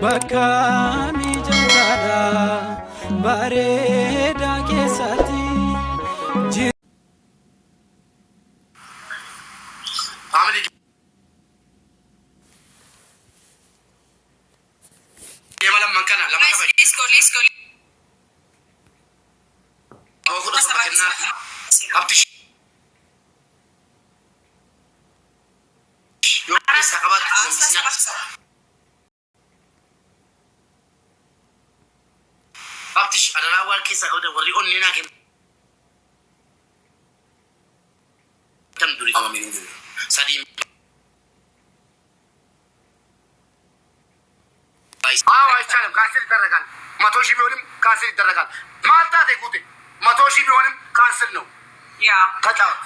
bakka mijaataadha bareedaa keessatti. Yo, esa acaba de Waqti dhalaa waan keessa qabdan warri onneen haa kennu. Sadii. አዎ አይቻልም። ካንስል ይደረጋል። መቶ ሺህ ቢሆንም ካንስል ይደረጋል። ማልጣት ጉዴ መቶ ሺህ ቢሆንም ካንስል ነው። ያ ተጫወት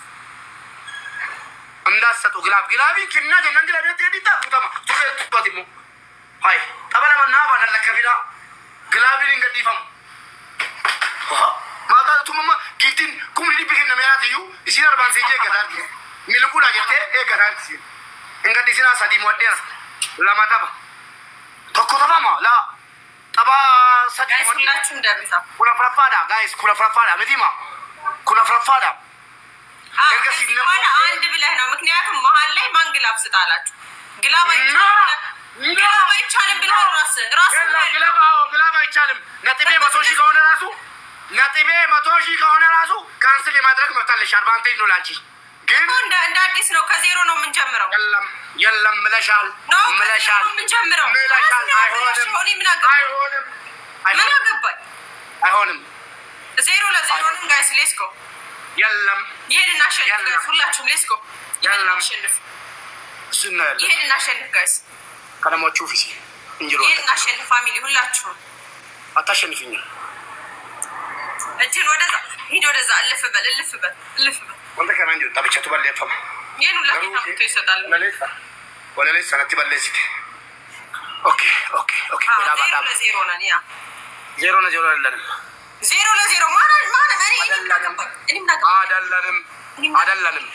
እንዳሰጡ ግላብ ግላቢ ክና ጀናን ግላቢ ቴዲታ ጉተማ ቱሬ ቱባቲሞ ሀይ ጠበለመና ባናለከፊዳ ግላቢን እንገዲፈሙ tumuma giftiin kumni dhibbi kenname haa ta'uu isiin armaan seejjii eeggataa miliquudha jettee eeggataa jirti. Ingaddi isin sadii mo'addeena lama taba tokko tabama laa taba sadii mo'addeena kula faraffaadha gaayis kula faraffaadha mitima kula faraffaadha ergasii ሆነ አንድ ብለህ ነው። ምክንያቱም መሀል ላይ ማን ግላብ ስጣላችሁ ግላብ አይቻልም ግላብ አይቻልም ብለህ ራስህ ራስህ ግላብ አይቻልም ነጥቤ መቶ ሺህ ከሆነ ራሱ ነጥቤ መቶ ሺህ ከሆነ ራሱ ካንስል የማድረግ መታለሽ አድቫንቴጅ ነው ላንቺ። ግን እንደ አዲስ ነው ከዜሮ ነው የምንጀምረው። የለም የለም፣ ምለሻል ምለሻል ምንጀምረው ምለሻል። አይሆንም ምን አገባኝ አይሆንም። ዜሮ ለዜሮ ነው ጋይስ ሌስኮ የለም። ይሄን እናሸንፍ ሁላችሁም ሌስኮ ይሄን እናሸንፍ እሱን ይሄን እናሸንፍ ጋይስ እንጅሮ ይሄን እናሸንፍ ፋሚሊ ሁላችሁም አታሸንፍኛል እጅህን ወደዛ ሂድ፣ ወደዛ እልፍ በል፣ እልፍ በል፣ እልፍ በል። ዜሮ ለዜሮ አይደለንም። ዜሮ ለዜሮ አይደለንም። አይደለንም።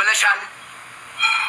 ምለሻል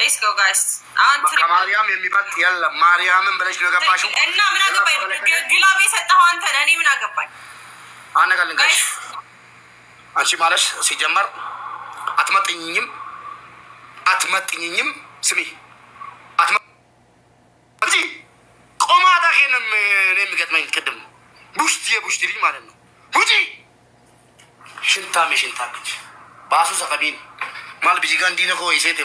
ሌስ ጎ ጋይስ ከማርያም የሚበልጥ የለም። ማርያምን ብለሽ ነው የገባሽው እና ምን አገባኝ? ግላብ የሰጠኸው አንተ ነህ። እኔ ምን አገባኝ? አንድ ነገር ልንገርሽ፣ አንቺ ማለሽ ሲጀመር አትመጥኝም፣ አትመጥኝም። ስሚ ቆማታ ሄንም እኔ የሚገጥመኝ ቅድም ልጅ ማለት ነው። ሽንታም የሽንታ ልጅ ሰቀቢን ማል ብጅጋ እንዲነኮ የሴት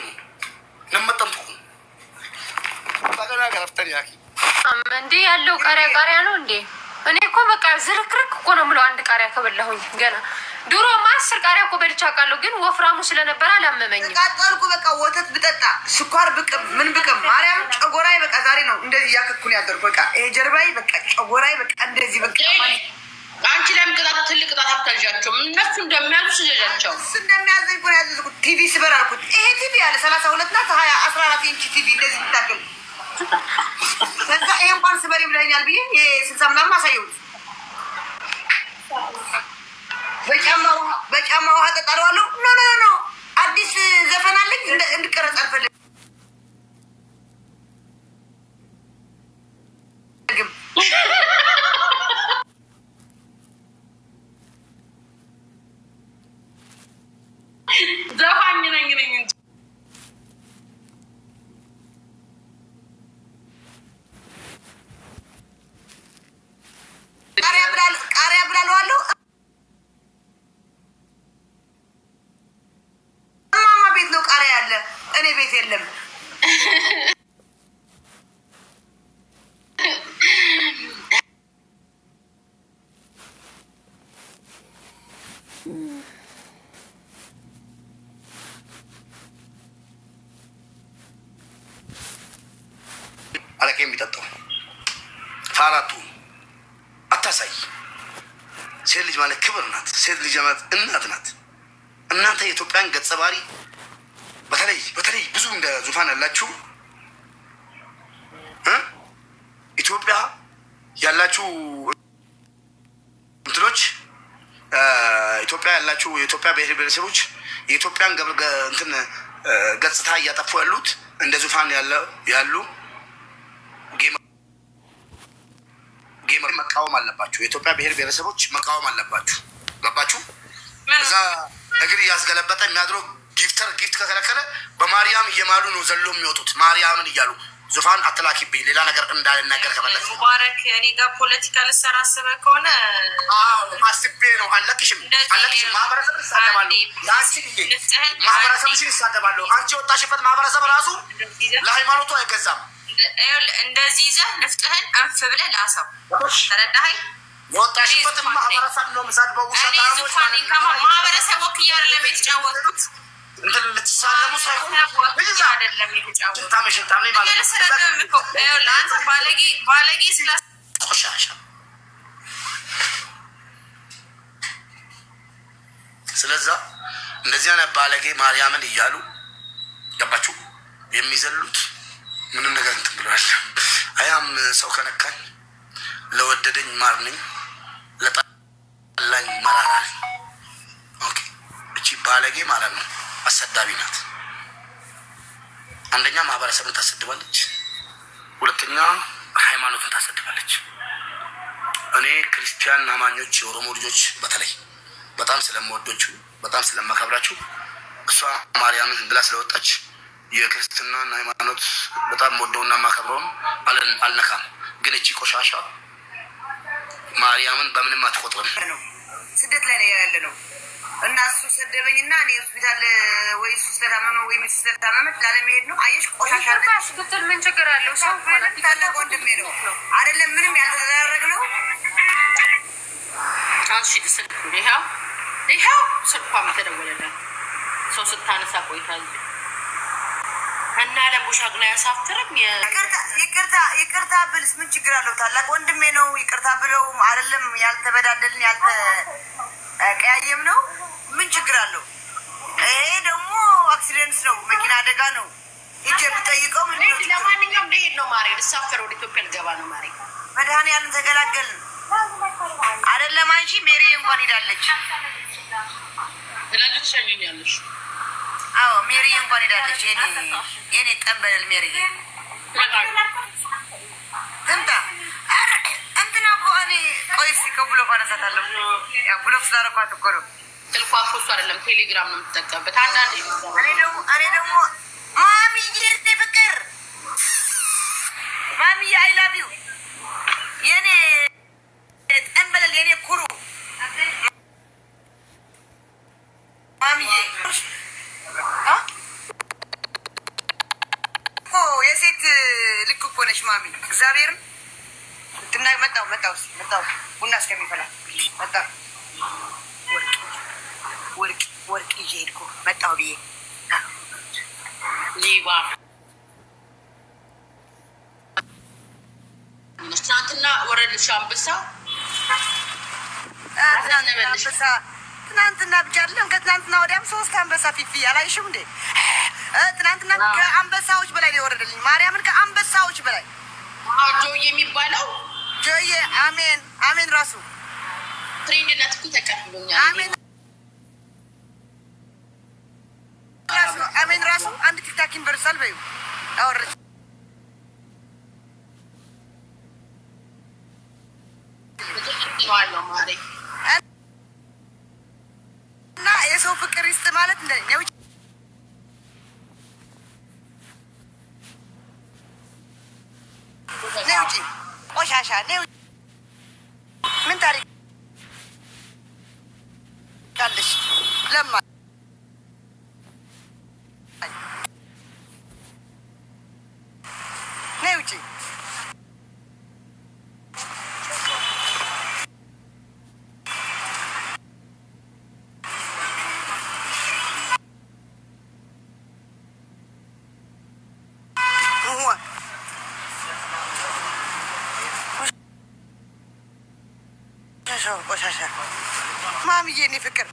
እንዴ ያለው ቃሪያ ቃሪያ ነው እንዴ? እኔ እኮ በቃ ዝርክርክ እኮ ነው ምለው። አንድ ቃሪያ ከበላሁኝ ገና ድሮ አስር ቃሪያ እኮ በልቻ ቃለሁ፣ ግን ወፍራሙ ስለነበረ አላመመኝም። ቃጠልኩ በቃ ወተት ብጠጣ ስኳር ብቅም ምን ብቅም ማርያም ጨጎራይ በቃ ዛሬ ነው እንደዚህ ያክኩን ያደርጉ በቃ ይሄ ጀርባይ በቃ ጨጎራይ በቃ እንደዚህ በቃ አንቺ ለምን አታዣቸውም። እነሱ እንደሚያዙ ስደዳቸው እሱ እንደሚያዘኝ ኮ ነው ቲቪ ስበር አልኩት። ይሄ ቲቪ አለ ሰላሳ ሁለት ናት ሀያ አስራ አራት ኢንች ቲቪ እንደዚህ ምታክል ከዛ ይሄ እንኳን ስበር ይብለኛል ብዬ ስልሳ ምናምን አሳየሁት። በጫማ ውሃ ጠጣለዋለሁ። ኖ ኖ ኖ አለቄ የሚጠጣው ፋራቱ አታሳይ። ሴት ልጅ ማለት ክብር ናት። ሴት ልጅ ማለት እናት ናት። እናንተ የኢትዮጵያን ገጸ ባህሪ በተለይ በተለይ ብዙ እንደ ዙፋን ያላችሁ ኢትዮጵያ ያላችሁ እንትኖች ኢትዮጵያ ያላችሁ የኢትዮጵያ ብሔር ብሔረሰቦች የኢትዮጵያን እንትን ገጽታ እያጠፉ ያሉት እንደ ዙፋን ያሉ ጌመር መቃወም አለባችሁ። የኢትዮጵያ ብሔር ብሔረሰቦች መቃወም አለባችሁ። ገባችሁ? እዛ እግር እያስገለበጠ የሚያድረው ጊፍተር ጊፍት ከከለከለ በማርያም እየማሉ ነው ዘሎ የሚወጡት ማርያምን እያሉ ዙፋን አትላኪብኝ ሌላ ነገር እንዳልናገር ከፈለግ ሙባረክ እኔ ጋር ፖለቲካ ልሰራ አስበ ከሆነ አስቤ ነው። አለቅሽም አለቅሽም ማህበረሰብ ይሳደባሉ። ለአንቺን ማህበረሰብሽን ይሳደባሉ። አንቺ የወጣሽበት ማህበረሰብ ራሱ ለሃይማኖቱ አይገዛም። እንደዚህ ይዘህ ንፍጥህን እንፍ ብለህ ላሰው ተረዳኸኝ። የወጣሽበትን ማህበረሰብ ነው ምሳድ ማህበረሰብ ወክያር ለቤት ጫወቱት እንትን ልትሳለሙ ሳይሆን አይደለም ቆሻሻ። ስለዛ እንደዚህ አይነት ባለጌ ማርያምን እያሉ ገባችሁ የሚዘሉት ምንም ነገር እንትን ብሏል። አያም ሰው ከነካኝ ለወደደኝ ማር ነኝ ለጠላኝ መራራ እቺ ባለጌ ማለት ነው። አሰዳቢ ናት። አንደኛ ማህበረሰብን ታሰድባለች፣ ሁለተኛ ሃይማኖትን ታሰድባለች። እኔ ክርስቲያን አማኞች የኦሮሞ ልጆች በተለይ በጣም ስለምወዳችሁ በጣም ስለማከብራችሁ እሷ ማርያምን ብላ ስለወጣች የክርስትናን ሃይማኖት በጣም ወደውና ማከብረውም አልነካም። ግን እቺ ቆሻሻ ማርያምን በምንም አትቆጥርም። ስደት ላይ ነው ያለ ነው እና እሱ ሰደበኝ እና እኔ ሆስፒታል ወይ እሱ ስለታመመ ወይ ሚስቱ ስለታመመች ላለመሄድ ነው። አየሽ ቆሻሻሽ ምን ችግር አለው? ሰው ታላቅ ወንድሜ ነው አይደለም? ምንም ያልተደረግ ነው። እሺ ስልኩ ይኸው ይኸው ስልኳም ተደወለለ ሰው ስታነሳ ቆይታ እና ለሙሻግና ያሳፍርም ይቅርታ ብልስ ምን ችግር አለው? ታላቅ ወንድሜ ነው። ይቅርታ ብለው አይደለም ያልተበዳደልን ያልተቀያየም ነው ምን ችግር አለው? ይሄ ደግሞ አክሲደንት ነው፣ መኪና አደጋ ነው። ሂጅ ብጠይቀው ለማንኛውም እንደሄድ ነው ማሬ፣ ልሳፈር ወደ ኢትዮጵያ ልገባ ነው ማሬ። መድኃኒዓለም ተገላገልን አይደለም አንቺ ሜሪ እንኳን ሄዳለች። አዎ ሜሪ እንኳን ሄዳለች። የኔ ጠንበለል ሜሪ ትምጣ። እንትና ቆይ እስኪ ከብሎክ አነሳታለሁ። ብሎክ ስላደረኳት እኮ ነው ስልኳ እኮ እሱ አይደለም፣ ቴሌግራም ነው የምትጠቀምበት። አንዳንድ እኔ ደግሞ እኔ ደግሞ ማሚ የኔ ፍቅር ማሚ አይ ላቭ ዩ የኔ ጠንበለል የኔ ኩሩ ማሚዬ የሴት ልክ እኮ ነች ማሚ እግዚአብሔርን መጣሁ መጣሁ መጣው ቡና እስከሚፈላ መጣሁ ወርቅ ወርቅ ይዤ ሄድኩ መጣሁ ብዬ ትናንትና ወረድሽ አንበሳ ትናንትና ብቻ አይደለም፣ ከትናንትና ወዲያም ሶስት አንበሳ ፊፊ አላይሽም እንዴ? ትናንትና ከአንበሳዎች በላይ የወረደልኝ ማርያምን፣ ከአንበሳዎች በላይ ጆዬ የሚባለው ጆዬ። አሜን አሜን። ራሱ ትሬንድነት ናት ተቀብሎኛል። አወራችው አወራች እና የሰው ፍቅር ይስጥ ማለት ቆሻሻ ምን ታሪክ ለማ ቆሻሻ ማምዬ እኔ ፍቅር